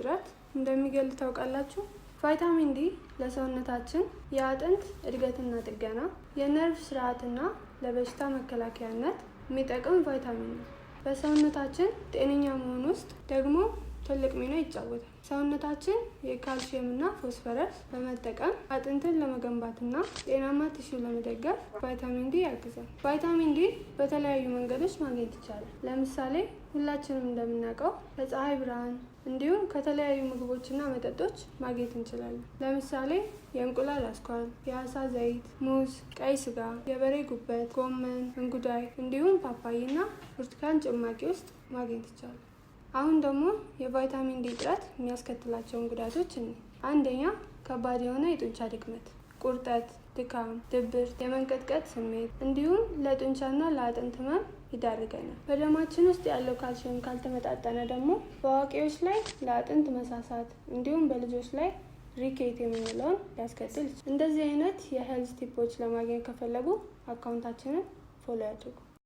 ንጥረት እንደሚገልጽ ታውቃላችሁ? ቫይታሚን ዲ ለሰውነታችን የአጥንት እድገትና ጥገና፣ የነርቭ ስርዓትና ለበሽታ መከላከያነት የሚጠቅም ቫይታሚን ነው። በሰውነታችን ጤነኛ መሆን ውስጥ ደግሞ ትልቅ ሚና ይጫወታል። ሰውነታችን የካልሽየም እና ፎስፈረስ በመጠቀም አጥንትን ለመገንባትና ጤናማ ቲሹ ለመደገፍ ቫይታሚን ዲ ያግዛል። ቫይታሚን ዲ በተለያዩ መንገዶች ማግኘት ይቻላል። ለምሳሌ ሁላችንም እንደምናውቀው ከፀሐይ ብርሃን እንዲሁም ከተለያዩ ምግቦችና መጠጦች ማግኘት እንችላለን። ለምሳሌ የእንቁላል አስኳል፣ የአሳ ዘይት፣ ሙዝ፣ ቀይ ስጋ፣ የበሬ ጉበት፣ ጎመን፣ እንጉዳይ እንዲሁም ፓፓይ እና ብርቱካን ጭማቂ ውስጥ ማግኘት ይቻላል። አሁን ደግሞ የቫይታሚን ዲ እጥረት የሚያስከትላቸውን ጉዳቶች እኔ አንደኛ ከባድ የሆነ የጡንቻ ድክመት፣ ቁርጠት፣ ድካም፣ ድብርት፣ የመንቀጥቀጥ ስሜት እንዲሁም ለጡንቻና ለአጥንት ህመም ይዳርገናል። በደማችን ውስጥ ያለው ካልሲየም ካልተመጣጠነ ደግሞ በአዋቂዎች ላይ ለአጥንት መሳሳት እንዲሁም በልጆች ላይ ሪኬት የምንለውን ሊያስከትል እንደዚህ አይነት የሄልዝ ቲፖች ለማግኘት ከፈለጉ አካውንታችንን ፎሎ ያድርጉ።